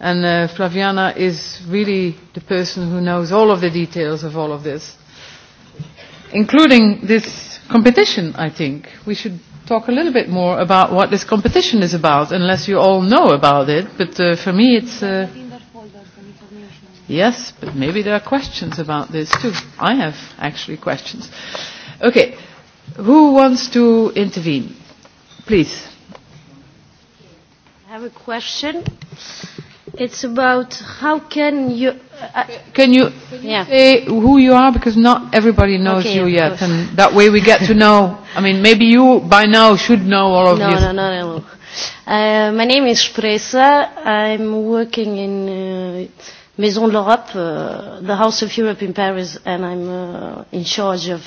And uh, Flaviana is really the person who knows all of the details of all of this, including this competition, I think. We should talk a little bit more about what this competition is about, unless you all know about it. But uh, for me, it's... Uh, yes, but maybe there are questions about this too. I have actually questions. Okay, who wants to intervene? Please have a question. It's about how can you... can you, say who you are? Because not everybody knows you yet. And that way we get to know. I mean, maybe you by now should know all of no, this. No, no, no, no. my name is Spresa. I'm working in Maison de l'Europe, the House of Europe in Paris, and I'm in charge of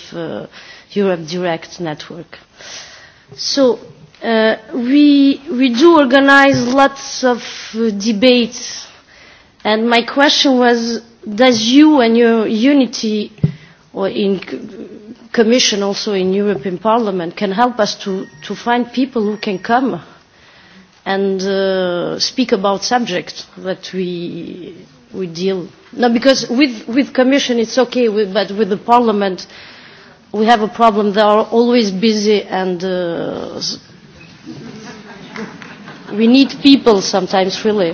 Europe Direct Network. So We we do organize lots of debates, and my question was, does you and your unity, or in Commission also in European Parliament, can help us to to find people who can come and speak about subjects that we we deal. No, because with with Commission it's okay, but with the Parliament we have a problem. They are always busy and We need people sometimes, really.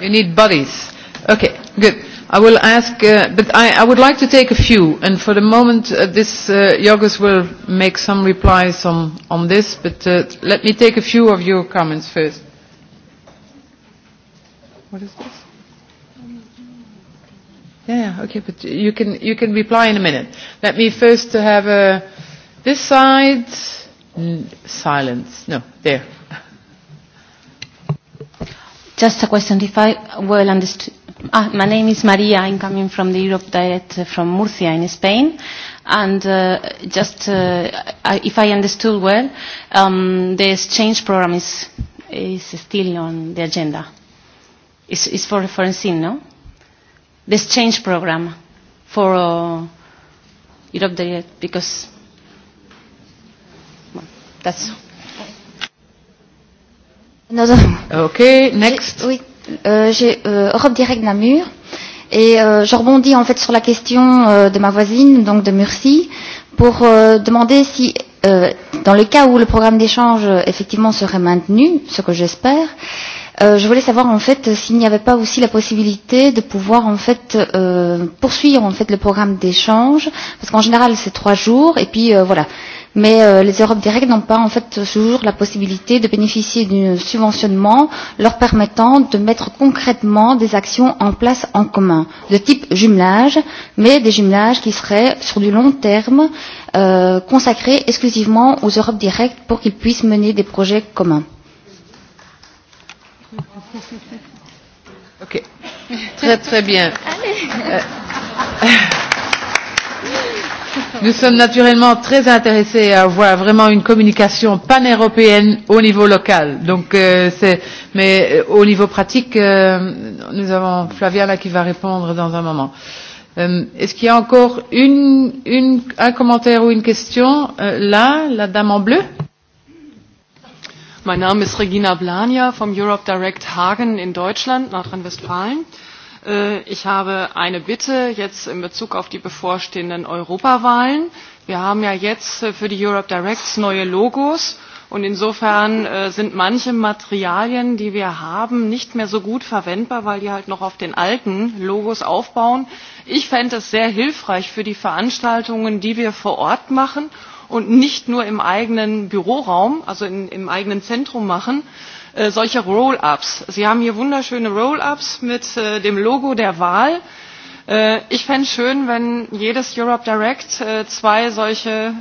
You need bodies. Okay, good. I will ask, but I would like to take a few, and for the moment this Yogis will make some replies on this, but let me take a few of your comments first. What is this? Yeah, okay, but you can you can reply in a minute. Let me first have this side silence. No, there. Just a question, if I well understood. my name is Maria. I'm coming from the Europe Diet, from Murcia in Spain. And just, if I understood well, the exchange program is is still on the agenda. It's, it's for referencing, no? The exchange program for Europe Diet, because Ok, next. Oui, j'ai Europe Direct Namur. Et je rebondis en fait sur la question de ma voisine, donc de Murcie, pour demander si, dans le cas où le programme d'échange effectivement serait maintenu, ce que j'espère, Je voulais savoir en fait s'il n'y avait pas aussi la possibilité de pouvoir en fait poursuivre en fait le programme d'échange, parce qu'en général c'est trois jours et puis voilà. Mais les Europes directes n'ont pas en fait toujours la possibilité de bénéficier d'un subventionnement leur permettant de mettre concrètement des actions en place en commun, de type jumelage, mais des jumelages qui seraient sur du long terme consacrés exclusivement aux Europes directes pour qu'ils puissent mener des projets communs. Ok. Très très bien. Nous sommes naturellement très intéressés à avoir vraiment une communication pan-européenne au niveau local. Donc, c'est, mais au niveau pratique, nous avons Flavia là qui va répondre dans un moment. Est-ce qu'il y a encore une, une, un commentaire ou une question là, la dame en bleu Mein Name ist Regina Blania vom Europe Direct Hagen in Deutschland, Nordrhein-Westfalen. Ich habe eine Bitte jetzt in Bezug auf die bevorstehenden Europawahlen. Wir haben ja jetzt für die Europe Directs neue Logos und insofern sind manche Materialien, die wir haben, nicht mehr so gut verwendbar, weil die halt noch auf den alten Logos aufbauen. Ich fände es sehr hilfreich für die Veranstaltungen, die wir vor Ort machen und nicht nur im eigenen Büroraum, also im eigenen Zentrum machen, solche Roll-ups. Sie haben hier wunderschöne Roll-ups mit dem Logo der Wahl. Ich fände es schön, wenn jedes Europe Direct zwei solche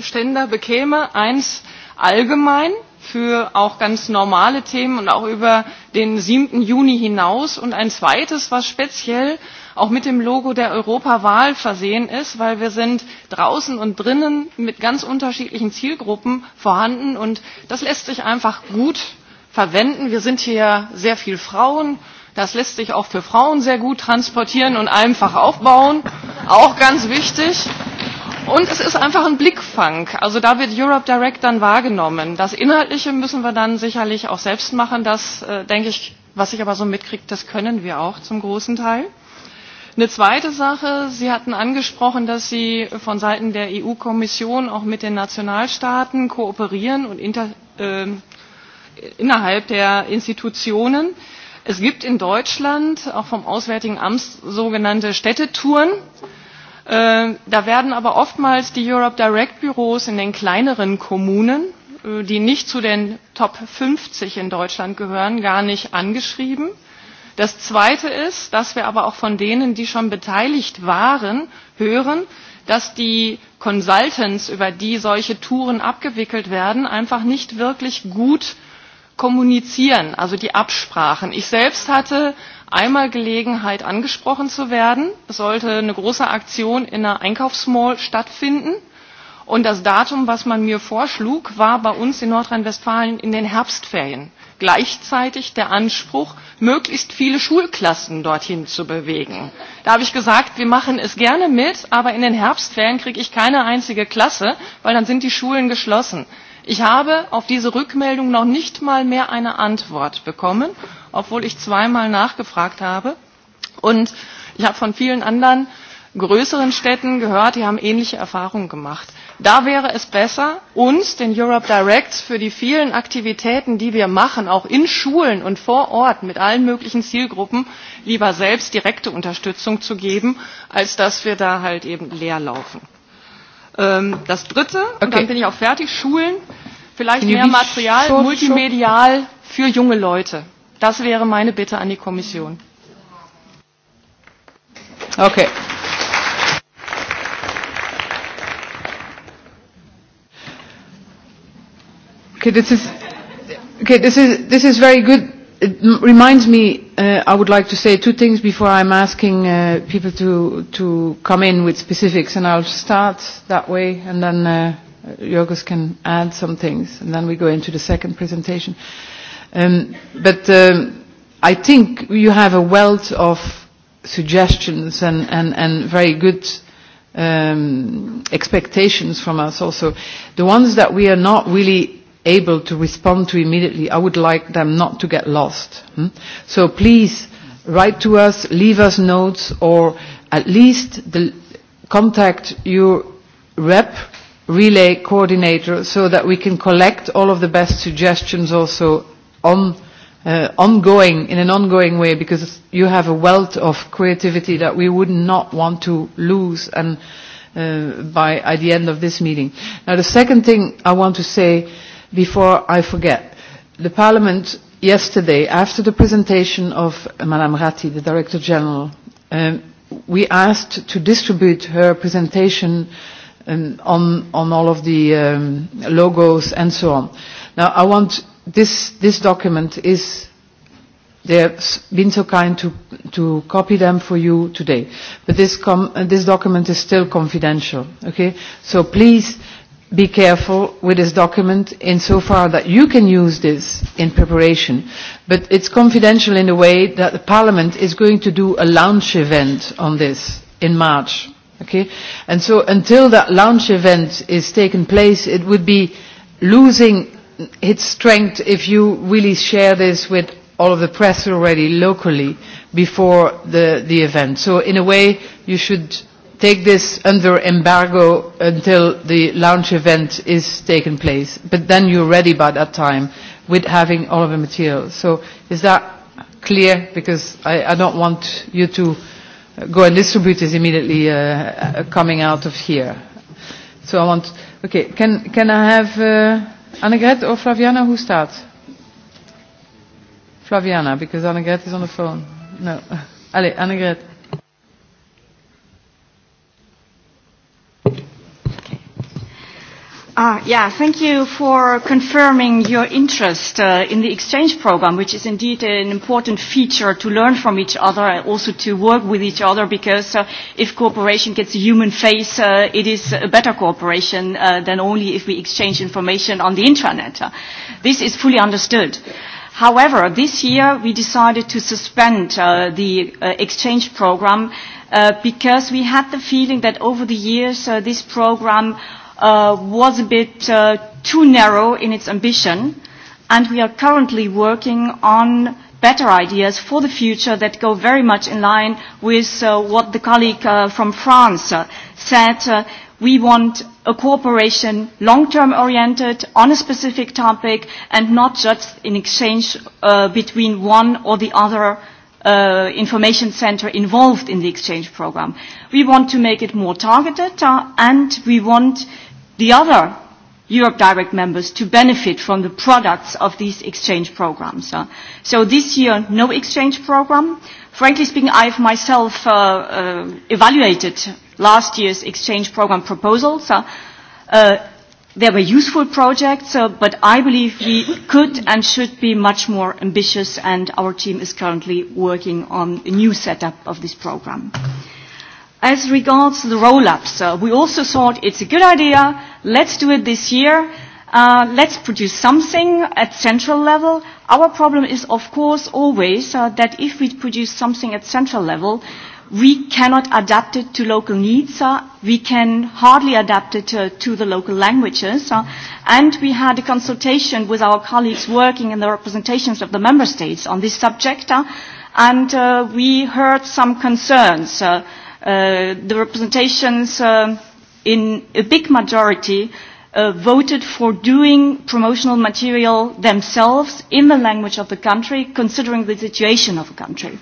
Ständer bekäme, eins allgemein für auch ganz normale Themen und auch über den 7. Juni hinaus. Und ein zweites, was speziell auch mit dem Logo der Europawahl versehen ist, weil wir sind draußen und drinnen mit ganz unterschiedlichen Zielgruppen vorhanden. Und das lässt sich einfach gut verwenden. Wir sind hier sehr viel Frauen. Das lässt sich auch für Frauen sehr gut transportieren und einfach aufbauen. Auch ganz wichtig. Und es ist einfach ein Blickfang. Also da wird Europe Direct dann wahrgenommen. Das Inhaltliche müssen wir dann sicherlich auch selbst machen. Das, denke ich, was ich aber so mitkriege, das können wir auch zum großen Teil. Eine zweite Sache, Sie hatten angesprochen, dass Sie von Seiten der EU-Kommission auch mit den Nationalstaaten kooperieren und innerhalb der Institutionen. Es gibt in Deutschland auch vom Auswärtigen Amt sogenannte Städtetouren Da werden aber oftmals die Europe Direct Büros in den kleineren Kommunen, die nicht zu den Top 50 in Deutschland gehören, gar nicht angeschrieben. Das Zweite ist, dass wir aber auch von denen, die schon beteiligt waren, hören, dass die Consultants, über die solche Touren abgewickelt werden, einfach nicht wirklich gut kommunizieren, also die Absprachen. Ich selbst hatte einmal Gelegenheit, angesprochen zu werden. Es sollte eine große Aktion in einer Einkaufsmall stattfinden. Und das Datum, was man mir vorschlug, war bei uns in Nordrhein-Westfalen in den Herbstferien. Gleichzeitig der Anspruch, möglichst viele Schulklassen dorthin zu bewegen. Da habe ich gesagt, wir machen es gerne mit, aber in den Herbstferien kriege ich keine einzige Klasse, weil dann sind die Schulen geschlossen. Ich habe auf diese Rückmeldung noch nicht mal mehr eine Antwort bekommen, obwohl ich zweimal nachgefragt habe. Und ich habe von vielen anderen größeren Städten gehört, die haben ähnliche Erfahrungen gemacht. Da wäre es besser, uns, den Europe Directs, für die vielen Aktivitäten, die wir machen, auch in Schulen und vor Ort mit allen möglichen Zielgruppen, lieber selbst direkte Unterstützung zu geben, als dass wir da halt eben leerlaufen. Das dritte, und dann bin ich auch fertig, Schulen, vielleicht mehr Material, multimedial für junge Leute. Das wäre meine Bitte an die Kommission. Okay. Okay, It reminds me, I would like to say two things before I'm asking people to to come in with specifics, and I'll start that way, and then Jorgos can add some things, and then we go into the second presentation. But I think you have a wealth of suggestions and and and very good expectations from us. Also, the ones that we are not really able to respond to immediately. I would like them not to get lost. So please write to us, leave us notes, or at least contact your rep relay coordinator so that we can collect all of the best suggestions also on ongoing in an ongoing way because you have a wealth of creativity that we would not want to lose and by at the end of this meeting. Now the second thing I want to say before I forget. The Parliament yesterday, after the presentation of Madame Ratti, the Director General, we asked to distribute her presentation on all of the logos and so on. Now, I want this document is they have been so kind to to copy them for you today but this this document is still confidential okay so please be careful with this document insofar that you can use this in preparation. But it's confidential in the way that the Parliament is going to do a launch event on this in March. Okay? And so until that launch event is taken place, it would be losing its strength if you really share this with all of the press already locally before the, the event. So in a way, you should take this under embargo until the launch event is taken place. But then you're ready by that time with having all of the material. So is that clear? Because I, I don't want you to go and distribute this immediately uh, coming out of here. So I want, okay, can, can I have uh, Annegret or Flaviana who starts? Flaviana, because Annegret is on the phone. No. Allez, Annegret. Yeah, thank you for confirming your interest in the exchange program, which is indeed an important feature to learn from each other and also to work with each other, because if cooperation gets a human face, it is a better cooperation than only if we exchange information on the intranet. This is fully understood. However, this year we decided to suspend the exchange program because we had the feeling that over the years this program was a bit too narrow in its ambition and we are currently working on better ideas for the future that go very much in line with what the colleague from France said. We want a cooperation long-term oriented on a specific topic and not just in exchange between one or the other information center involved in the exchange program. We want to make it more targeted and we want the other Europe Direct members to benefit from the products of these exchange programs. So this year, no exchange program. Frankly speaking, I have myself evaluated last year's exchange program proposals. They were useful projects, but I believe we could and should be much more ambitious, and our team is currently working on a new setup of this program. As regards the roll-ups, we also thought it's a good idea. Let's do it this year. Let's produce something at central level. Our problem is, of course, always that if we produce something at central level, we cannot adapt it to local needs. We can hardly adapt it to the local languages. And we had a consultation with our colleagues working in the representations of the member states on this subject. And we heard some concerns the representations in a big majority voted for doing promotional material themselves in the language of the country, considering the situation of the country.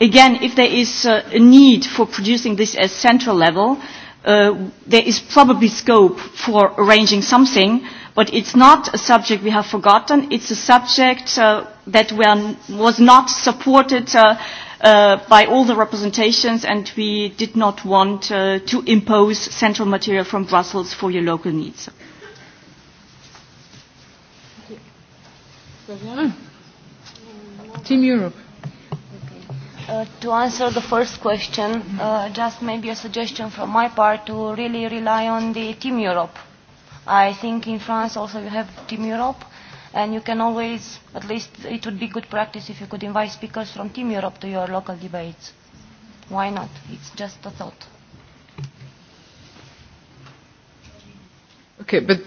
Again, if there is a need for producing this at central level, there is probably scope for arranging something, but it's not a subject we have forgotten. It's a subject that was not supported by all the representations and we did not want to impose central material from Brussels for your local needs. Team Europe. To answer the first question, just maybe a suggestion from my part to really rely on the Team Europe. I think in France also you have Team Europe And you can always, at least it would be good practice if you could invite speakers from Team Europe to your local debates. Why not? It's just a thought. Okay, but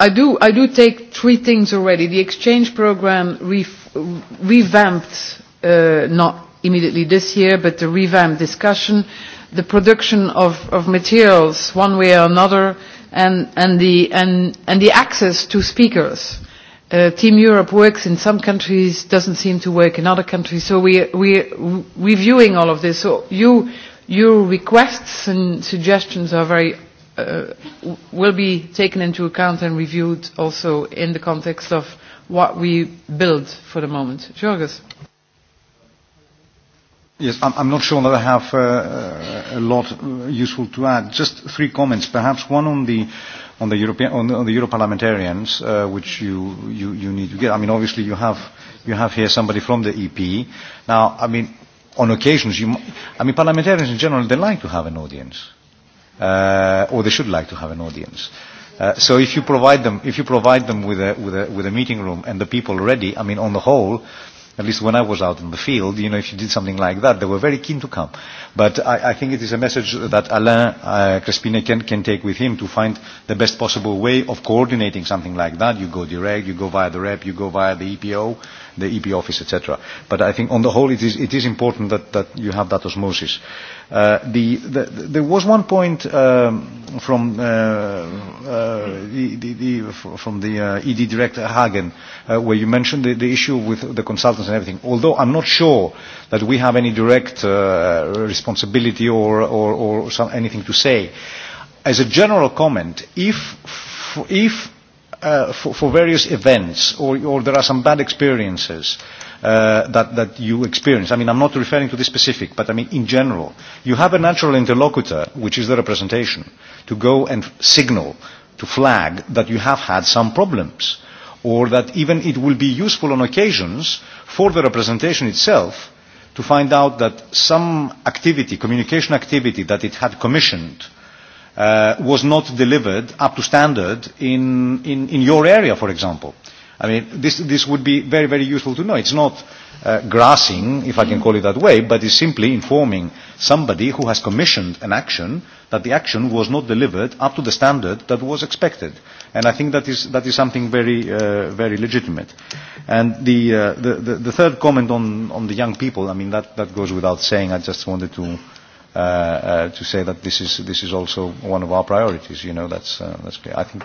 I do, I do take three things already. The exchange program revamped, not immediately this year, but the revamped discussion, the production of, of materials one way or another, and, and, the, and, and the access to speakers Team Europe works in some countries, doesn't seem to work in other countries. So we we're reviewing all of this. So your requests and suggestions are very will be taken into account and reviewed also in the context of what we build for the moment. Jorgos. Yes, I'm not sure that I have a lot useful to add. Just three comments, perhaps one on the on the European on the Euro parliamentarians, which you you you need to get. I mean, obviously you have you have here somebody from the EP. Now, I mean, on occasions, you, I mean, parliamentarians in general they like to have an audience, or they should like to have an audience. So if you provide them if you provide them with a with a with a meeting room and the people ready, I mean, on the whole At least when I was out in the field, you know, if you did something like that, they were very keen to come. But I, I think it is a message that Alain Crespine can, can take with him to find the best possible way of coordinating something like that. You go direct, you go via the rep, you go via the EPO, the EP office, etc. But I think on the whole, it is, it is important that, that you have that osmosis. Uh, the, the, there was one point from the ED director Hagen, where you mentioned the issue with the consultants and everything. Although I'm not sure that we have any direct responsibility or anything to say. As a general comment, if if for various events or there are some bad experiences that that you experience. I mean, I'm not referring to this specific, but I mean in general, you have a natural interlocutor, which is the representation, to go and signal, to flag that you have had some problems, or that even it will be useful on occasions for the representation itself to find out that some activity, communication activity that it had commissioned was not delivered up to standard in in your area, for example. I mean, this, this would be very, very useful to know. It's not grassing, if I can call it that way, but it's simply informing somebody who has commissioned an action that the action was not delivered up to the standard that was expected. And I think that is, that is something very, very legitimate. And the, the, the, third comment on, on the young people, I mean, that, that goes without saying. I just wanted to, to say that this is, this is also one of our priorities. You know, that's, that's clear. I think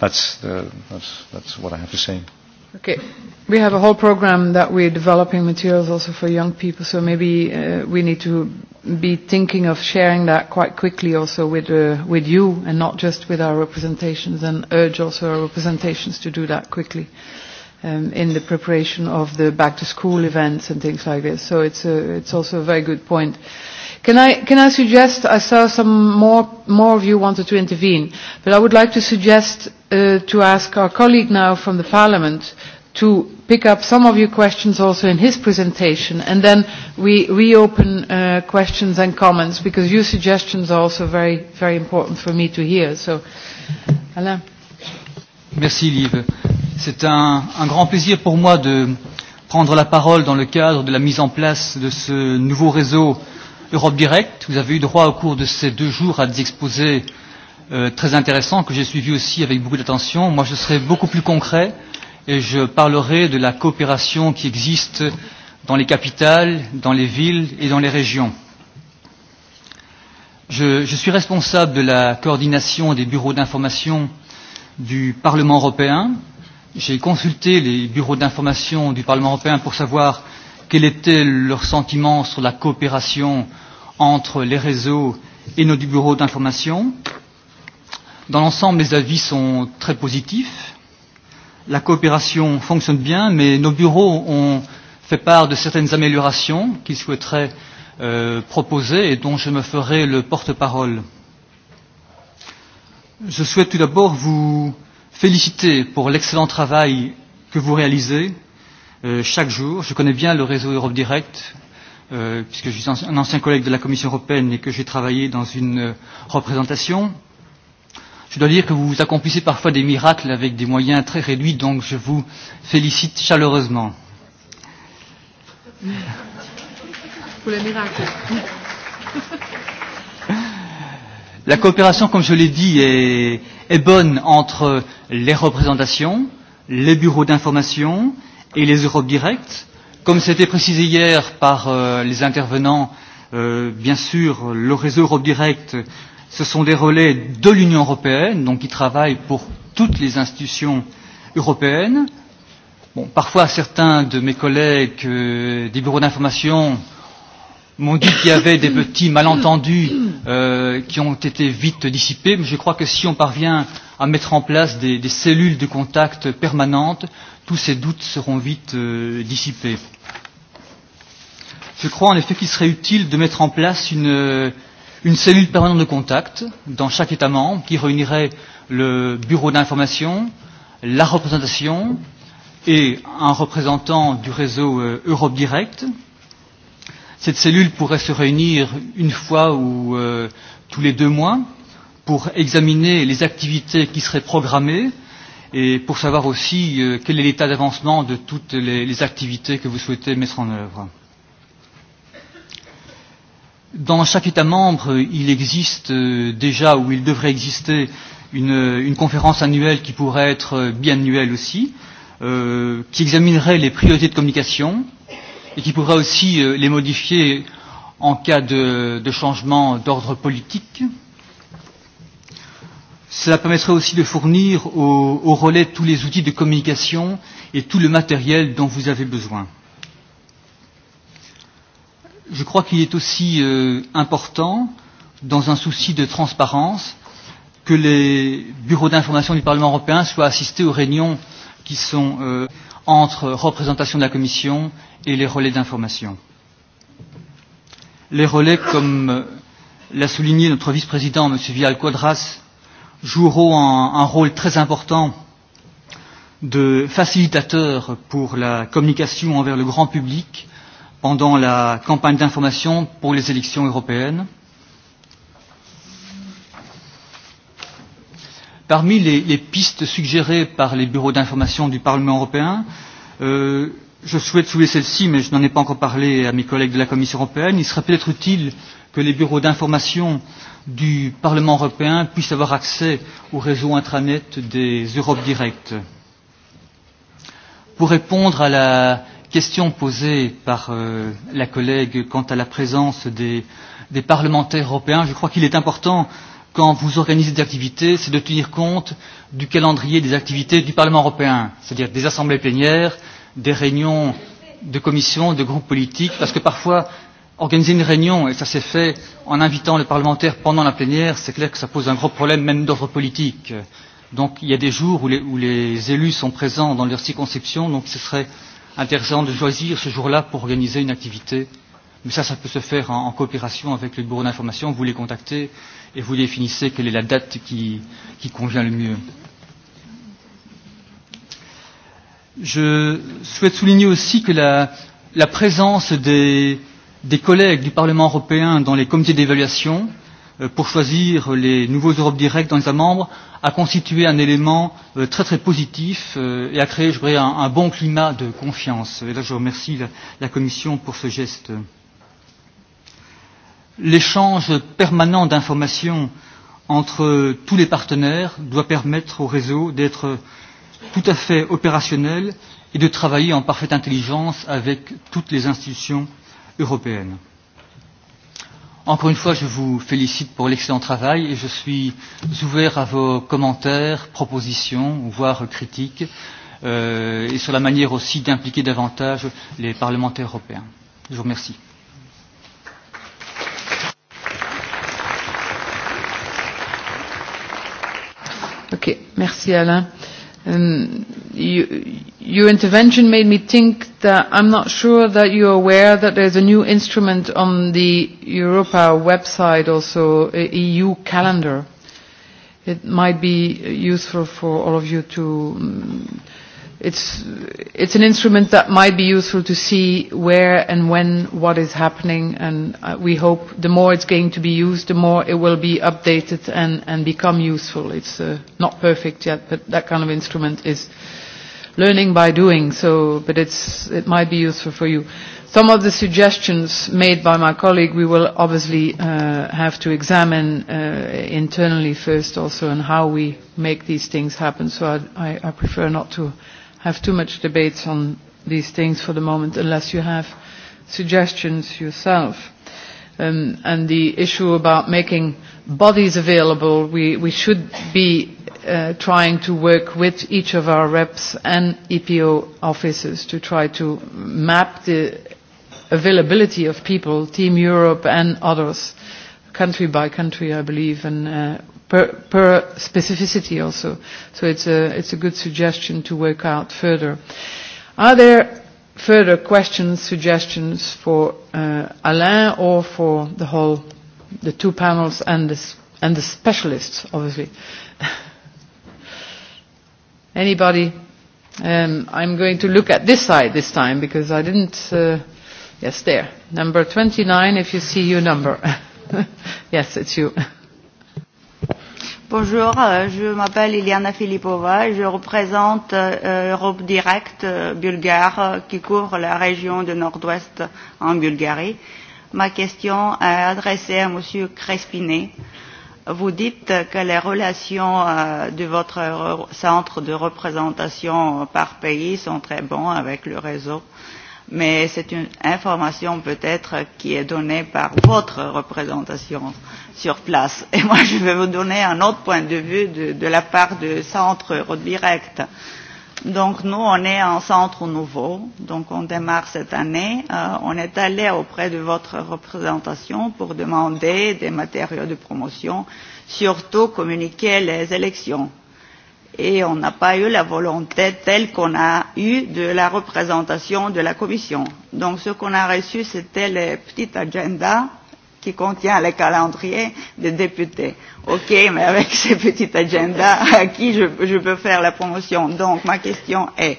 That's that's that's what I have to say. Okay. We have a whole program that we're developing materials also for young people, so maybe we need to be thinking of sharing that quite quickly also with with you and not just with our representations and urge also our representations to do that quickly in the preparation of the back to school events and things like this. So it's it's also a very good point. Can I, can I suggest, I saw some more, more of you wanted to intervene, but I would like to suggest uh to ask our colleague now from the Parliament to pick up some of your questions also in his presentation, and then we reopen uh questions and comments, because your suggestions are also very, very important for me to hear. So, Alain. Merci, Liv. C'est un, un grand plaisir pour moi de prendre la parole dans le cadre de la mise en place de ce nouveau réseau Europe Direct. Vous avez eu droit au cours de ces deux jours à des exposés très intéressants que j'ai suivis aussi avec beaucoup d'attention. Moi, je serai beaucoup plus concret et je parlerai de la coopération qui existe dans les capitales, dans les villes et dans les régions. Je, je suis responsable de la coordination des bureaux d'information du Parlement européen. J'ai consulté les bureaux d'information du Parlement européen pour savoir quel était leur sentiment sur la coopération entre les réseaux et nos bureaux d'information. Dans l'ensemble, les avis sont très positifs. La coopération fonctionne bien, mais nos bureaux ont fait part de certaines améliorations qu'ils souhaiteraient proposer et dont je me ferai le porte-parole. Je souhaite tout d'abord vous féliciter pour l'excellent travail que vous réalisez chaque jour. Je connais bien le réseau Europe Direct, puisque je suis un ancien collègue de la Commission européenne et que j'ai travaillé dans une représentation. Je dois dire que vous accomplissez parfois des miracles avec des moyens très réduits, donc je vous félicite chaleureusement. Pour les miracles. La coopération, comme je l'ai dit, est, est bonne entre les représentations, les bureaux d'information, et les Europes directes. Comme c'était précisé hier par les intervenants, bien sûr, le réseau Europe Direct, ce sont des relais de l'Union européenne, donc qui travaillent pour toutes les institutions européennes. Bon, parfois, certains de mes collègues des bureaux d'information m'ont dit qu'il y avait des petits malentendus qui ont été vite dissipés, mais je crois que si on parvient à mettre en place des cellules de contact permanentes, tous ces doutes seront vite dissipés. Je crois en effet qu'il serait utile de mettre en place une, une cellule permanente de contact dans chaque État membre qui réunirait le bureau d'information, la représentation et un représentant du réseau Europe Direct. Cette cellule pourrait se réunir une fois ou tous les deux mois pour examiner les activités qui seraient programmées et pour savoir aussi quel est l'état d'avancement de toutes les activités que vous souhaitez mettre en œuvre. Dans chaque État membre, il existe déjà ou il devrait exister une conférence annuelle qui pourrait être biannuelle aussi, qui examinerait les priorités de communication et qui pourrait aussi les modifier en cas de changement d'ordre politique Cela permettrait aussi de fournir au, relais tous les outils de communication et tout le matériel dont vous avez besoin. Je crois qu'il est aussi important, dans un souci de transparence, que les bureaux d'information du Parlement européen soient assistés aux réunions qui sont entre représentation de la Commission et les relais d'information. Les relais, comme l'a souligné notre vice-président, M. Vial Quadras, joueront un, un rôle très important de facilitateur pour la communication envers le grand public pendant la campagne d'information pour les élections européennes. Parmi les, les pistes suggérées par les bureaux d'information du Parlement européen, euh, je souhaite soulever celle-ci, mais je n'en ai pas encore parlé à mes collègues de la Commission européenne. Il serait peut-être utile que les bureaux d'information du Parlement européen puissent avoir accès au réseau intranet des Europes directes. Pour répondre à la question posée par la collègue quant à la présence des parlementaires européens, je crois qu'il est important, quand vous organisez des activités, c'est de tenir compte du calendrier des activités du Parlement européen, c'est-à-dire des assemblées plénières, des réunions de commissions, de groupes politiques, parce que parfois Organiser une réunion, et ça s'est fait en invitant les parlementaires pendant la plénière, c'est clair que ça pose un gros problème même d'ordre politique. Donc il y a des jours où les, où les élus sont présents dans leur circonscription, donc ce serait intéressant de choisir ce jour-là pour organiser une activité. Mais ça, ça peut se faire en, coopération avec le bureau d'information. Vous les contactez et vous définissez quelle est la date qui, qui convient le mieux. Je souhaite souligner aussi que la, la présence des des collègues du Parlement européen dans les comités d'évaluation pour choisir les nouveaux Europes directs dans les États membres a constitué un élément très très positif et a créé, je dirais, un bon climat de confiance. Et je remercie la Commission pour ce geste. L'échange permanent d'informations entre tous les partenaires doit permettre au réseau d'être tout à fait opérationnel et de travailler en parfaite intelligence avec toutes les institutions européenne. Encore une fois, je vous félicite pour l'excellent travail et je suis ouvert à vos commentaires, propositions, voire critiques, et sur la manière aussi d'impliquer davantage les parlementaires européens. Je vous remercie. Ok, merci Alain. Your intervention made me think that I'm not sure that you're aware that there's a new instrument on the Europa website, also EU calendar. It might be useful for all of you to It's it's an instrument that might be useful to see where and when what is happening, and we hope the more it's going to be used, the more it will be updated and become useful. It's not perfect yet, but that kind of instrument is learning by doing. So, but it might be useful for you. Some of the suggestions made by my colleague we will obviously have to examine internally first also, and how we make these things happen. So I prefer not to have too much debates on these things for the moment unless you have suggestions yourself. And the issue about making bodies available, we should be trying to work with each of our reps and EPO offices to try to map the availability of people, Team Europe and others, country by country, I believe, and per specificity also. So it's a it's a good suggestion to work out further. Are there further questions, suggestions for Alain or for the whole, the two panels and the and the specialists, obviously? Anybody? Um I'm going to look at this side this time because I didn't. Yes, there. Number 29, if you see your number. Yes, it's you. Bonjour, je m'appelle Iliana Filipova je représente Europe Direct bulgare qui couvre la région du Nord-Ouest en Bulgarie. Ma question est adressée à M. Crespinet. Vous dites que les relations de votre centre de représentation par pays sont très bonnes avec le réseau, mais c'est une information peut-être qui est donnée par votre représentation sur place. Et moi, je vais vous donner un autre point de vue de, de la part du centre Eurodirect. Donc, nous, on est un centre nouveau. Donc, on démarre cette année. on est allé auprès de votre représentation pour demander des matériaux de promotion, surtout communiquer les élections et on n'a pas eu la volonté telle qu'on a eue de la représentation de la Commission. Donc ce qu'on a reçu, c'était les petits agendas qui contient les calendriers des députés. Ok, mais avec ces petits agendas, à qui je, peux faire la promotion Donc, ma question est,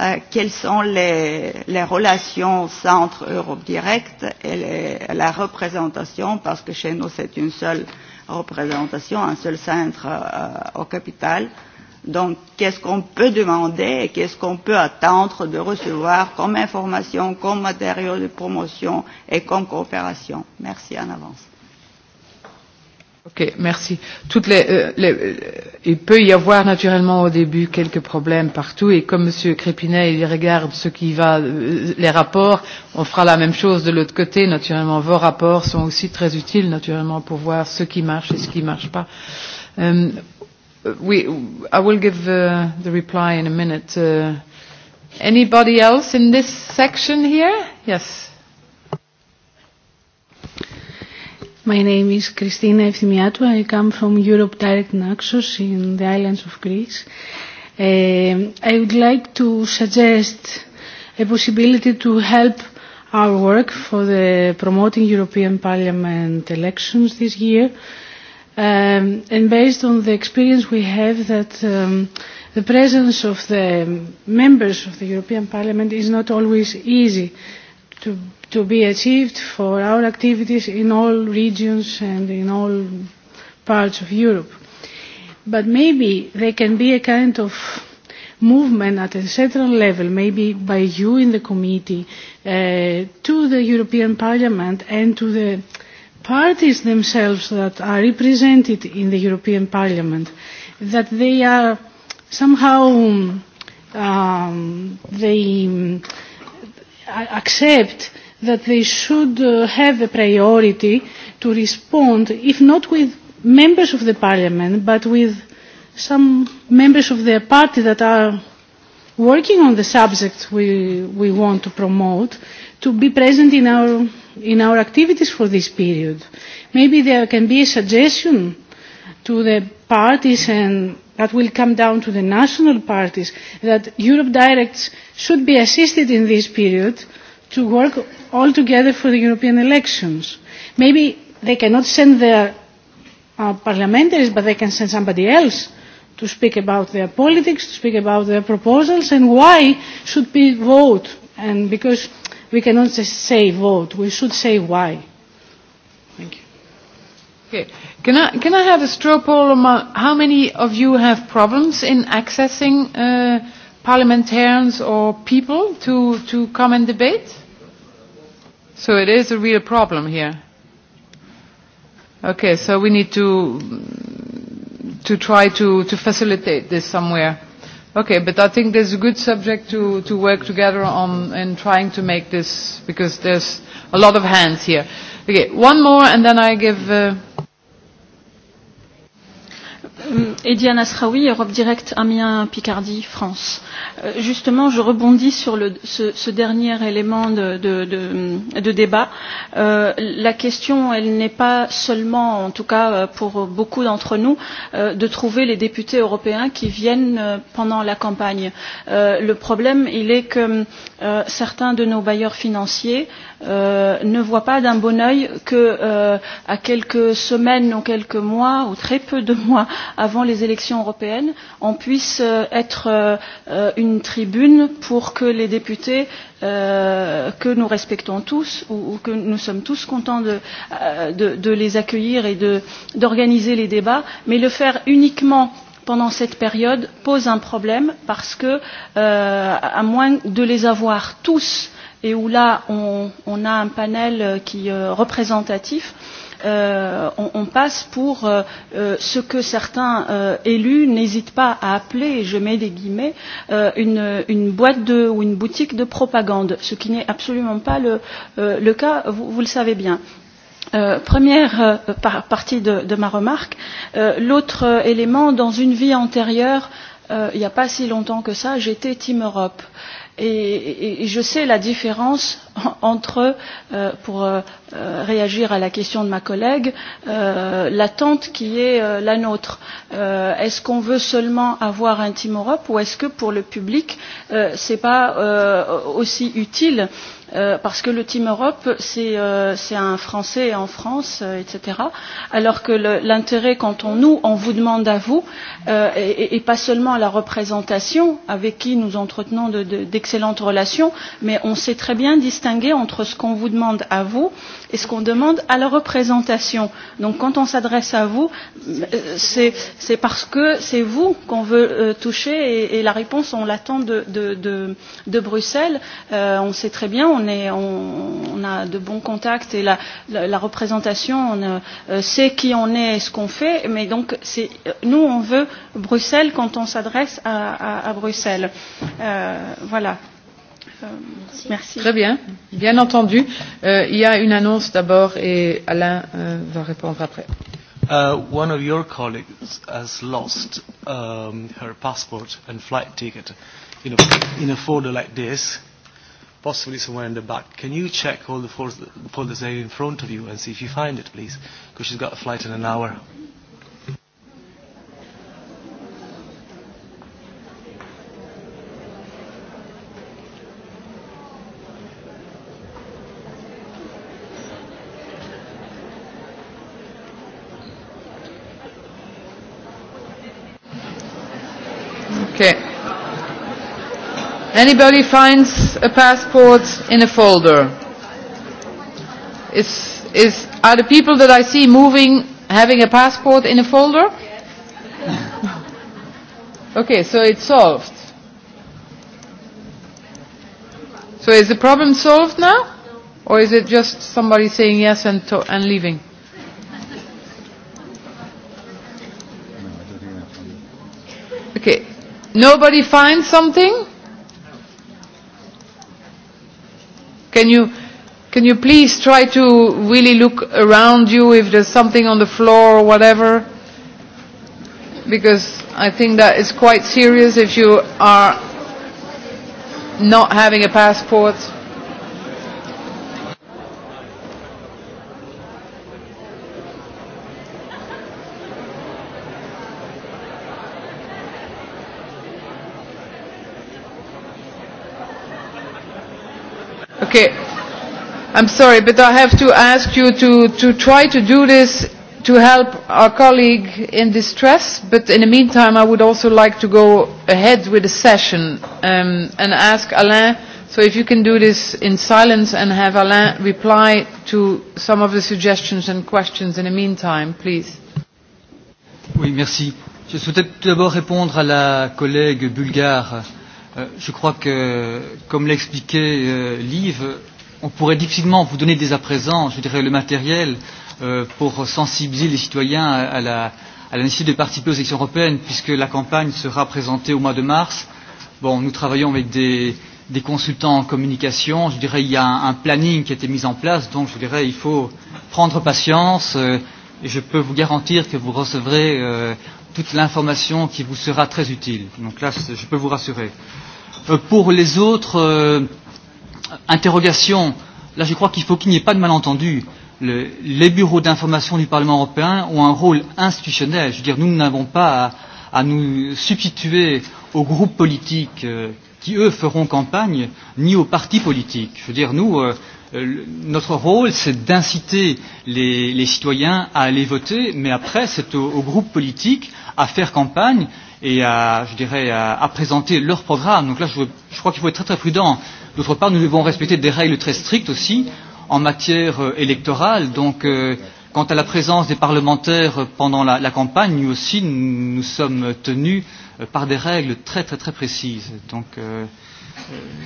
euh, quelles sont les, les relations centre-Europe direct et la représentation Parce que chez nous, c'est une seule représentation, un seul centre euh, au capital. Donc, qu'est-ce qu'on peut demander et qu'est-ce qu'on peut attendre de recevoir comme information, comme matériaux de promotion et comme coopération Merci en avance. Ok, merci. Toutes les, il peut y avoir naturellement au début quelques problèmes partout et comme M. Crépinet il regarde ce qui va, les rapports, on fera la même chose de l'autre côté. Naturellement, vos rapports sont aussi très utiles naturellement pour voir ce qui marche et ce qui ne marche pas we, I will give the reply in a minute. anybody else in this section here? Yes. My name is Christina Eftimiatou. I come from Europe Direct Naxos in the islands of Greece. I would like to suggest a possibility to help our work for the promoting European Parliament elections this year And based on the experience we have that the presence of the members of the European Parliament is not always easy to be achieved for our activities in all regions and in all parts of Europe. But maybe there can be a kind of movement at a central level, maybe by you in the committee, to the European Parliament and to the parties themselves that are represented in the European Parliament, that they are somehow they accept that they should have a priority to respond, if not with members of the Parliament, but with some members of their party that are working on the subjects we want to promote to be present in our in our activities for this period. Maybe there can be a suggestion to the parties and that will come down to the national parties that Europe directs should be assisted in this period to work all together for the European elections. Maybe they cannot send their parliamentaries but they can send somebody else to speak about their politics, to speak about their proposals and why should we vote and because we cannot just say vote. We should say why. Thank you. Okay. Can I, can I have a straw poll among how many of you have problems in accessing uh, parliamentarians or people to, to come and debate? So it is a real problem here. Okay, so we need to, to try to, to facilitate this somewhere. Okay, but I think there's a good subject to, to work together on in trying to make this, because there's a lot of hands here. Okay, one more and then I give... Uh... Ediana Asraoui, Europe Direct, Amiens, Picardie, France. Justement, je rebondis sur le, ce, dernier élément de, de, débat. la question, elle n'est pas seulement, en tout cas pour beaucoup d'entre nous, de trouver les députés européens qui viennent pendant la campagne. le problème, il est que certains de nos bailleurs financiers ne voit pas d'un bon œil que, à quelques semaines ou quelques mois, ou très peu de mois avant les élections européennes, on puisse être une tribune pour que les députés que nous respectons tous ou que nous sommes tous contents de les accueillir et d'organiser les débats, mais le faire uniquement pendant cette période pose un problème parce que, à moins de les avoir tous et où là on a un panel qui représentatif on passe pour ce que certains élus n'hésitent pas à appeler je mets des guillemets une boîte de ou une boutique de propagande ce qui n'est absolument pas le cas vous le savez bien première partie de ma remarque l'autre élément dans une vie antérieure il n'y a pas si longtemps que ça j'étais team europe Et je sais la différence entre, pour réagir à la question de ma collègue, l'attente qui est la nôtre. Est-ce qu'on veut seulement avoir un Team Europe ou est-ce que pour le public, ce n'est pas aussi utile parce que le Team Europe, c'est un Français en France, etc. Alors que l'intérêt, quand on nous, on vous demande à vous, et pas seulement à la représentation, avec qui nous entretenons d'excellentes relations, mais on sait très bien distinguer entre ce qu'on vous demande à vous et ce qu'on demande à la représentation. Donc quand on s'adresse à vous, c'est parce que c'est vous qu'on veut toucher et la réponse, on l'attend de Bruxelles. On sait très bien, on est on a de bons contacts et la la représentation on sait qui on est et ce qu'on fait mais donc c'est nous on veut Bruxelles quand on s'adresse à à Bruxelles voilà Merci. Très bien. Bien entendu. Il y a une annonce d'abord et Alain va répondre après. One of your colleagues has lost her passport and flight ticket in a, in a folder like this possibly somewhere in the back. Can you check all the folders there in front of you and see if you find it, please? Because she's got a flight in an hour. Anybody finds a passport in a folder? Is, is, are the people that I see moving having a passport in a folder? okay, so it's solved. So is the problem solved now? Or is it just somebody saying yes and, to and leaving? Okay. Nobody finds something? Can you can you please try to really look around you if there's something on the floor or whatever? Because I think that is quite serious if you are not having a passport. Okay. I'm sorry, but I have to ask you to, to try to do this to help our colleague in distress, but in the meantime I would also like to go ahead with the session um, and ask Alain, so if you can do this in silence and have Alain reply to some of the suggestions and questions in the meantime, please. Oui, merci. Je souhaitais d'abord répondre à la collègue bulgare je crois que, comme l'expliquait expliqué Liv, on pourrait difficilement vous donner dès à présent, je dirais, le matériel pour sensibiliser les citoyens à la, à la nécessité de participer aux élections européennes, puisque la campagne sera présentée au mois de mars. Bon, nous travaillons avec des, des consultants en communication. Je dirais, il y a un, planning qui a été mis en place, donc je dirais, il faut prendre patience. et je peux vous garantir que vous recevrez toute l'information qui vous sera très utile. Donc là, je peux vous rassurer. Pour les autres interrogations, là, je crois qu'il faut qu'il n'y ait pas de malentendu. Les bureaux d'information du Parlement européen ont un rôle institutionnel. Je veux dire, nous n'avons pas à nous substituer aux groupes politiques qui, eux, feront campagne, ni aux partis politiques. Je veux dire, nous, notre rôle, c'est d'inciter les, les citoyens à aller voter, mais après, c'est aux au groupes politiques à faire campagne et à, je dirais, à, présenter leur programme. Donc là, je, je crois qu'il faut être très très prudent. D'autre part, nous devons respecter des règles très strictes aussi en matière électorale. Donc, quant à la présence des parlementaires pendant la, campagne, nous aussi, nous, nous sommes tenus par des règles très très très précises. Donc,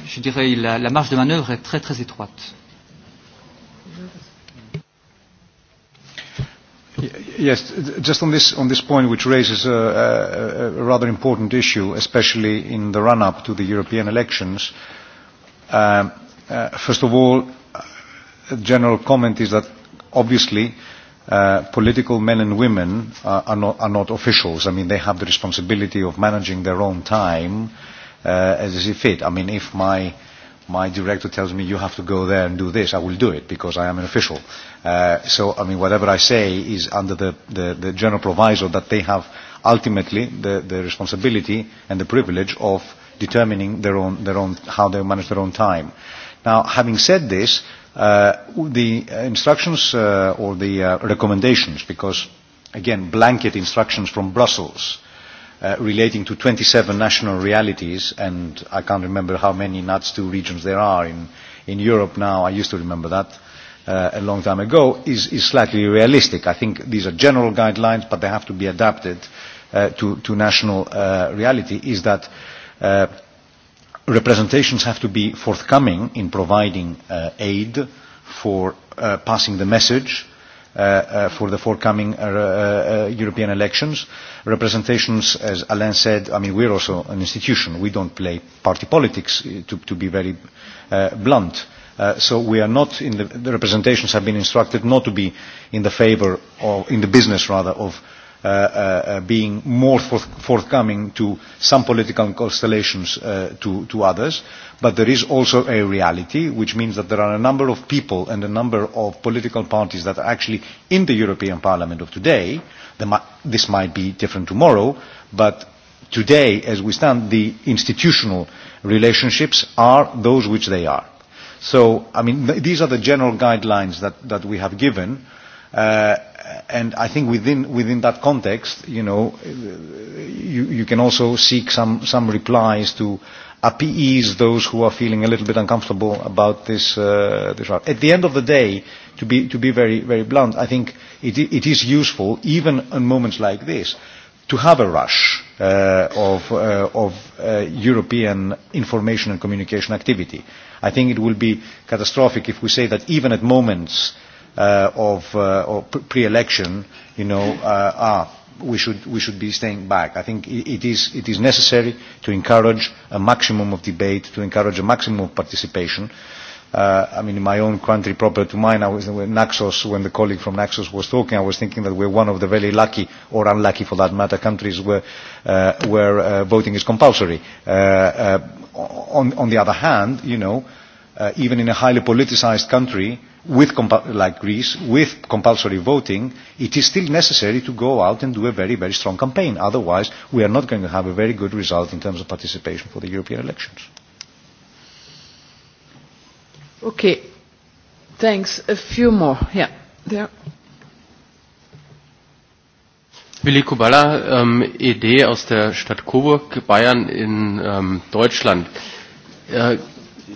je dirais, la, la marge de manœuvre est très très étroite. Yes, just on this on this point, which raises a rather important issue, especially in the run-up to the European elections. First of all, a general comment is that obviously political men and women are not officials. I mean, they have the responsibility of managing their own time as they fit. I mean, if my my director tells me you have to go there and do this, I will do it because I am an official. So, I mean, whatever I say is under the the general proviso that they have ultimately the responsibility and the privilege of determining their own, their own, how they manage their own time. Now, having said this, the instructions or the recommendations, because again, blanket instructions from Brussels relating to 27 national realities, and I can't remember how many NUTS two regions there are in in Europe now. I used to remember that a long time ago. Is is slightly realistic. I think these are general guidelines, but they have to be adapted to to national reality. Is that representations have to be forthcoming in providing aid for passing the message for the forthcoming European elections. Representations, as Alain said, I mean, we are also an institution. We don't play party politics, to be very blunt. So we are not in the representations have been instructed not to be in the favour or in the business rather of being more forthcoming to some political constellations to others. But there is also a reality, which means that there are a number of people and a number of political parties that are actually in the European Parliament of today. This might be different tomorrow, but today, as we stand, the institutional relationships are those which they are. So, I mean, these are the general guidelines that we have given and I think within within that context, you know, you, can also seek some some replies to appease those who are feeling a little bit uncomfortable about this. Uh, this At the end of the day, to be to be very very blunt, I think it it is useful even in moments like this to have a rush of of European information and communication activity. I think it will be catastrophic if we say that even at moments of pre-election, you know, We should we should be staying back. I think it is it is necessary to encourage a maximum of debate, to encourage a maximum of participation. I mean, in my own country, proper to mine, I was when Naxos, when the colleague from Naxos was talking, I was thinking that we're one of the very lucky, or unlucky for that matter, countries where where voting is compulsory. On the other hand, you know, even in a highly politicized country with like Greece, with compulsory voting, it is still necessary to go out and do a very, very strong campaign. Otherwise, we are not going to have a very good result in terms of participation for the European elections. Okay. Thanks. A few more. Yeah. There. Willi Kubala, ED aus der Stadt Coburg, Bayern in Deutschland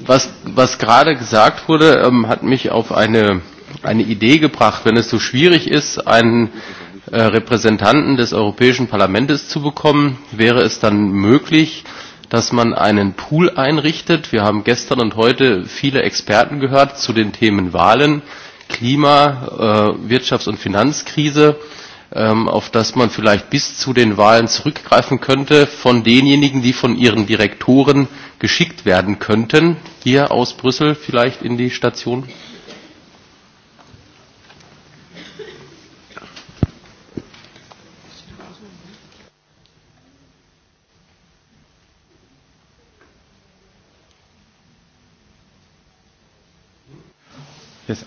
was, was gerade gesagt wurde, hat mich auf eine, eine Idee gebracht. Wenn es so schwierig ist, einen Repräsentanten des Europäischen Parlaments zu bekommen, wäre es dann möglich, dass man einen Pool einrichtet. Wir haben gestern und heute viele Experten gehört zu den Themen Wahlen, Klima, Wirtschafts- und Finanzkrise auf das man vielleicht bis zu den Wahlen zurückgreifen könnte, von denjenigen, die von ihren Direktoren geschickt werden könnten, hier aus Brüssel vielleicht in die Station?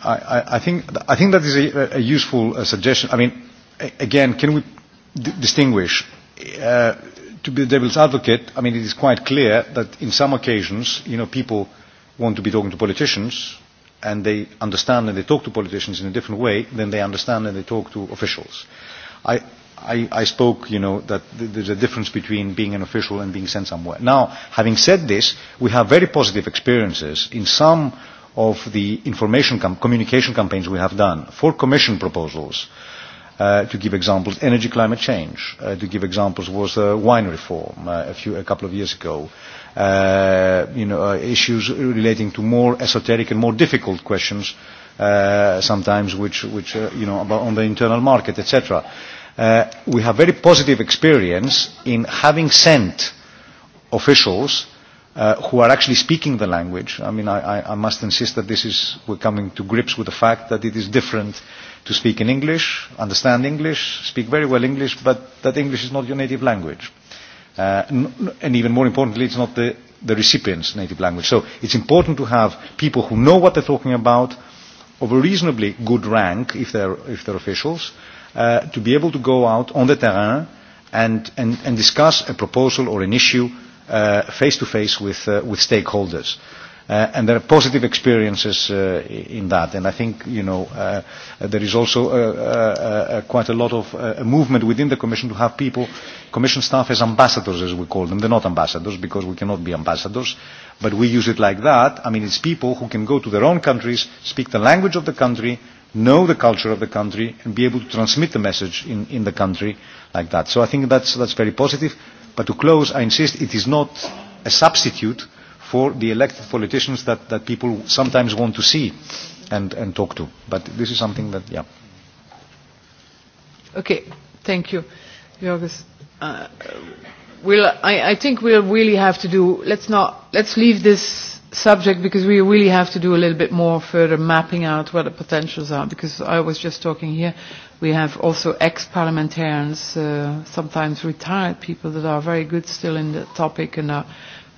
I mean, again, can we distinguish? To be the devil's advocate, I mean, it is quite clear that in some occasions, you know, people want to be talking to politicians and they understand and they talk to politicians in a different way than they understand and they talk to officials. I, I, I spoke, you know, that there's a difference between being an official and being sent somewhere. Now, having said this, we have very positive experiences in some of the information communication campaigns we have done for commission proposals to give examples, energy climate change, to give examples was wine reform a few a couple of years ago, you know issues relating to more esoteric and more difficult questions sometimes which which you know about on the internal market, etc. We have very positive experience in having sent officials who are actually speaking the language. I mean, I, I must insist that this is, we're coming to grips with the fact that it is different to speak in English, understand English, speak very well English, but that English is not your native language. and even more importantly, it's not the, the recipient's native language. So it's important to have people who know what they're talking about, of a reasonably good rank, if they're, if they're officials, to be able to go out on the terrain and, and, and discuss a proposal or an issue face to face with with stakeholders and there are positive experiences in that and i think you know there is also quite a lot of movement within the commission to have people commission staff as ambassadors as we call them they're not ambassadors because we cannot be ambassadors but we use it like that i mean it's people who can go to their own countries speak the language of the country know the culture of the country and be able to transmit the message in the country like that so i think that's that's very positive But to close, I insist it is not a substitute for the elected politicians that, that people sometimes want to see and, and talk to. But this is something that, yeah. Okay, thank you, Jorgis. I, I think we'll really have to do, let's not, let's leave this subject because we really have to do a little bit more further mapping out what the potentials are because I was just talking here we have also ex-parliamentarians sometimes retired people that are very good still in the topic and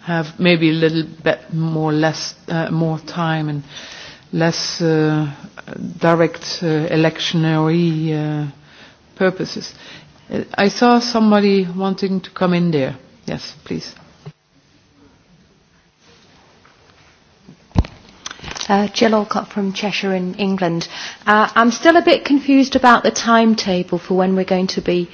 have maybe a little bit more less more time and less direct electionary purposes. I saw somebody wanting to come in there. Yes, please. Jill Alcott from Cheshire in England. I'm still a bit confused about the timetable for when we're going to be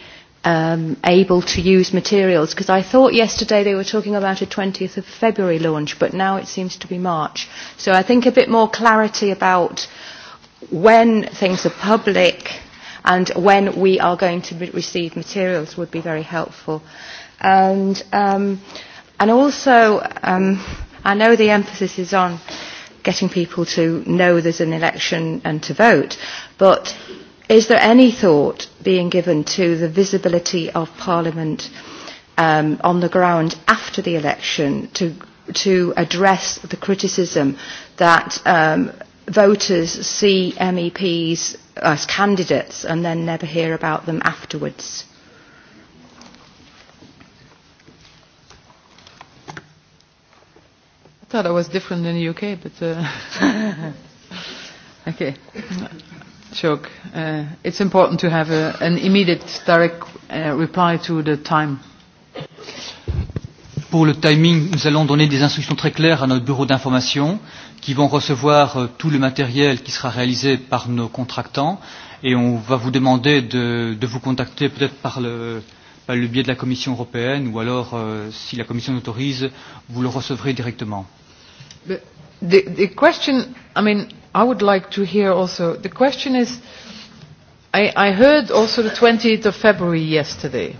able to use materials because I thought yesterday they were talking about a 20th of February launch but now it seems to be March. So I think a bit more clarity about when things are public and when we are going to receive materials would be very helpful. And also I know the emphasis is on getting people to know there's an election and to vote, but is there any thought being given to the visibility of Parliament on the ground after the election to to address the criticism that voters see MEPs as candidates and then never hear about them afterwards? thought I was different in the UK, but uh, okay. Joke. Uh, it's important to have a, an immediate direct uh, reply to the time. Pour le timing, nous allons donner des instructions très claires à notre bureau d'information qui vont recevoir tout le matériel qui sera réalisé par nos contractants et on va vous demander de, de vous contacter peut-être par le, par le biais de la Commission européenne ou alors, si la Commission l'autorise, vous le recevrez directement. The, the question, I mean, I would like to hear also, the question is, I, I heard also the 20 th of February yesterday.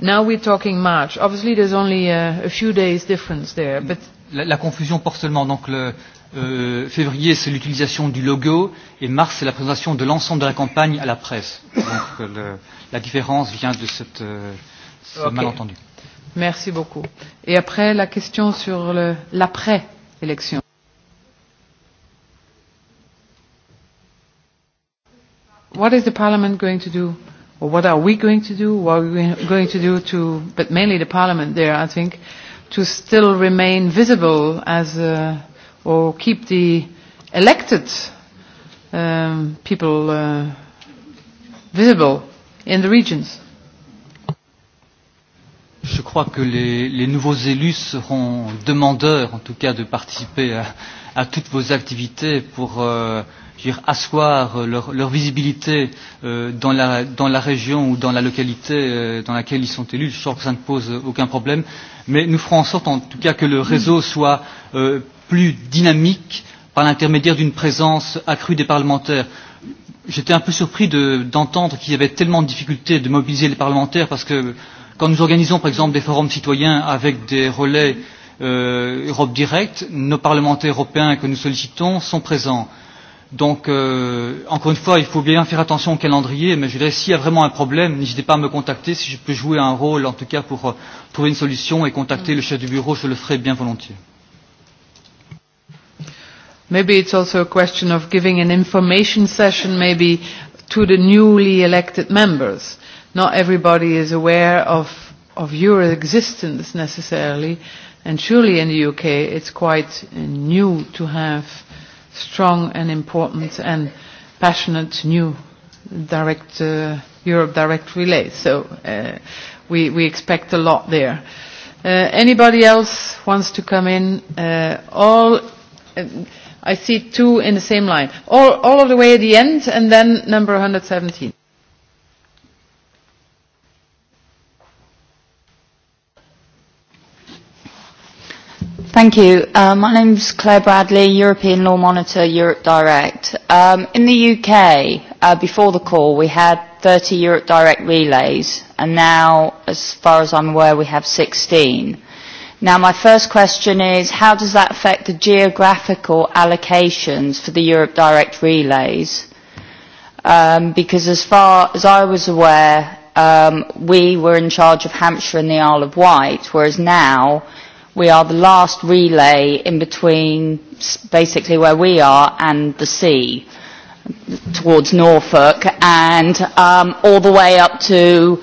Now we're talking March. Obviously there's only a, a few days difference there, but... La, la confusion porte seulement, donc le, euh, février c'est l'utilisation du logo et mars c'est la présentation de l'ensemble de la campagne à la presse. Donc le, la différence vient de cette, ce malentendu. Merci beaucoup. Et après, la question sur l'après-élection. What is the Parliament going to do? Or what are we going to do? What are we going to do to, but mainly the Parliament there, I think, to still remain visible as, or keep the elected um people visible in the regions? Je crois que les, les nouveaux élus seront demandeurs, en tout cas, de participer à, à toutes vos activités pour euh, dire, asseoir leur, leur visibilité euh, dans, la, dans la région ou dans la localité dans laquelle ils sont élus. Je crois que ça ne pose aucun problème. Mais nous ferons en sorte, en tout cas, que le réseau soit plus dynamique par l'intermédiaire d'une présence accrue des parlementaires. J'étais un peu surpris d'entendre qu'il y avait tellement de difficultés de mobiliser les parlementaires parce que Quand nous organisons par exemple des forums citoyens avec des relais Europe Direct, nos parlementaires européens que nous sollicitons sont présents. Donc, encore une fois, il faut bien faire attention au calendrier, mais je dirais, s'il y a vraiment un problème, n'hésitez pas à me contacter, si je peux jouer un rôle, en tout cas, pour trouver une solution et contacter le chef du bureau, je le ferai bien volontiers. Maybe it's also a question of giving an information session, maybe, to the newly elected members not everybody is aware of of your existence necessarily and surely in the UK it's quite new to have strong and important and passionate new direct Europe direct relays so we we expect a lot there anybody else wants to come in all I see two in the same line all all of the way at the end and then number 117 Thank you. My name is Claire Bradley, European Law Monitor, Europe Direct. In the UK, before the call, we had 30 Europe Direct relays, and now, as far as I'm aware, we have 16. Now, my first question is, how does that affect the geographical allocations for the Europe Direct relays? Because as far as I was aware, we were in charge of Hampshire and the Isle of Wight, whereas now we are the last relay in between basically where we are and the sea towards Norfolk and all the way up to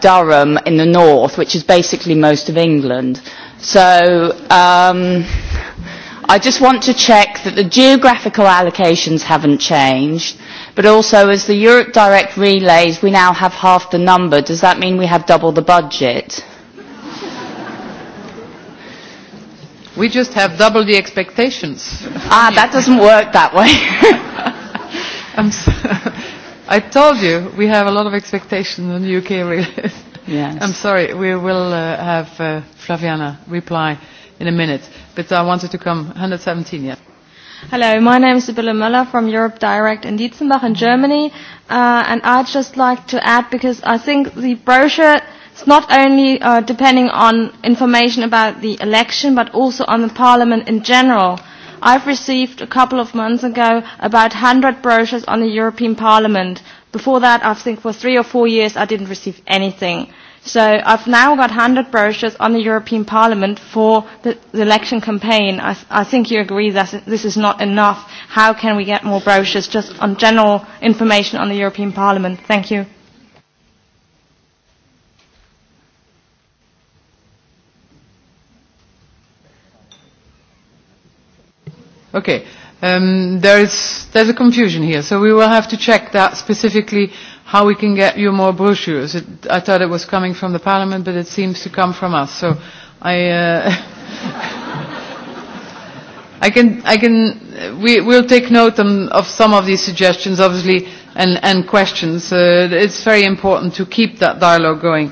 Durham in the north, which is basically most of England. So I just want to check that the geographical allocations haven't changed, but also as the Europe Direct relays, we now have half the number. Does that mean we have double the budget? We just have double the expectations. Ah, that doesn't work that way. I told you we have a lot of expectations on UK really. Yes. I'm sorry, we will have Flaviana reply in a minute, but I wanted to come 117, yeah. Hello, my name is Sibylle Müller from Europe Direct in Dietzenbach in Germany, and I'd just like to add, because I think the brochure It's not only depending on information about the election, but also on the Parliament in general. I've received a couple of months ago about 100 brochures on the European Parliament. Before that, I think for three or four years, I didn't receive anything. So I've now got 100 brochures on the European Parliament for the election campaign. I think you agree that this is not enough. How can we get more brochures just on general information on the European Parliament? Thank you. Okay. Um, there's, there's a confusion here, so we will have to check that specifically how we can get you more brochures. It, I thought it was coming from the Parliament, but it seems to come from us. So I, uh, I can, I can, we, we'll take note of some of these suggestions, obviously, and, and questions. Uh, it's very important to keep that dialogue going.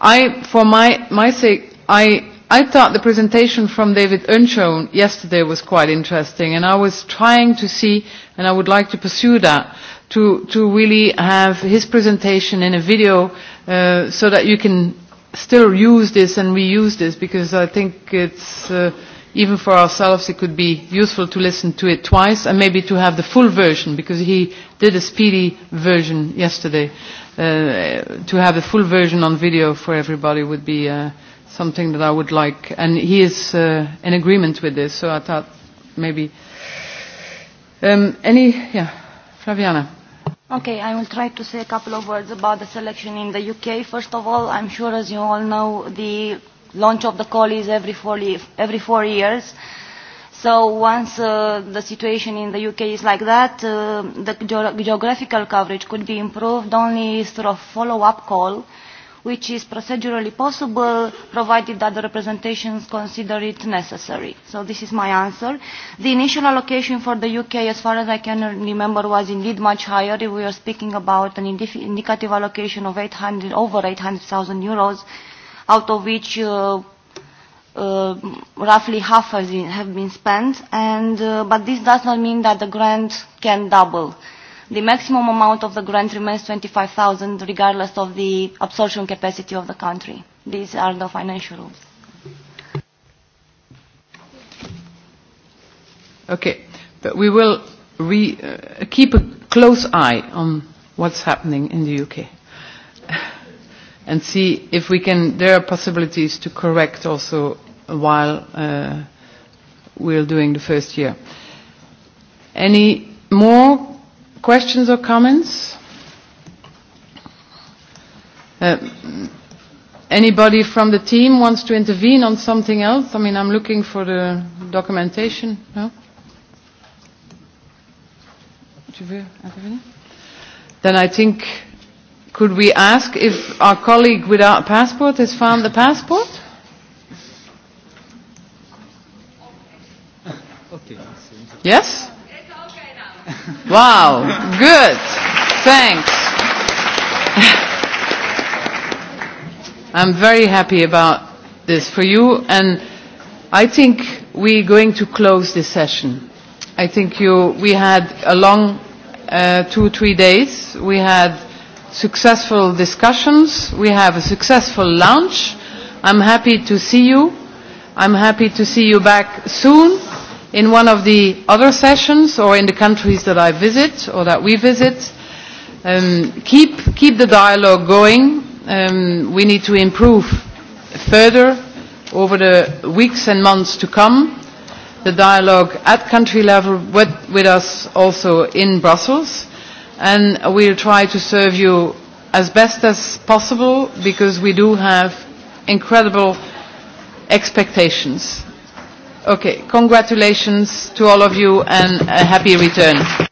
I, for my, my sake, I I thought the presentation from David Unschon yesterday was quite interesting, and I was trying to see, and I would like to pursue that, to to really have his presentation in a video, so that you can still use this and reuse this, because I think it's even for ourselves it could be useful to listen to it twice and maybe to have the full version, because he did a speedy version yesterday. To have the full version on video for everybody would be something that I would like, and he is in agreement with this, so I thought maybe. Any, yeah, Flaviana. Okay, I will try to say a couple of words about the selection in the UK. First of all, I'm sure, as you all know, the launch of the call is every four, every four years. So once the situation in the UK is like that, the geographical coverage could be improved only through a follow-up call which is procedurally possible provided that the representations consider it necessary. So this is my answer. The initial allocation for the UK, as far as I can remember, was indeed much higher. We are speaking about an indicative allocation of 800, over 800,000 euros, out of which roughly half have been spent. And, but this does not mean that the grant can double. The maximum amount of the grant remains 25,000 regardless of the absorption capacity of the country. These are the financial rules. Okay, but we will keep a close eye on what's happening in the UK and see if we can. There are possibilities to correct also while we're doing the first year. Any more Questions or comments? Anybody from the team wants to intervene on something else? I mean, I'm looking for the documentation. No? Then I think, could we ask if our colleague without passport has found the passport? Yes? Wow, good. Thanks. I'm very happy about this for you and I think we're going to close this session. I think you, we had a long two, three days. We had successful discussions. We have a successful lunch. I'm happy to see you. I'm happy to see you back soon in one of the other sessions or in the countries that I visit or that we visit. Keep keep the dialogue going. We need to improve further over the weeks and months to come. The dialogue at country level with us also in Brussels, and we'll try to serve you as best as possible because we do have incredible expectations Okay, congratulations to all of you and a happy return.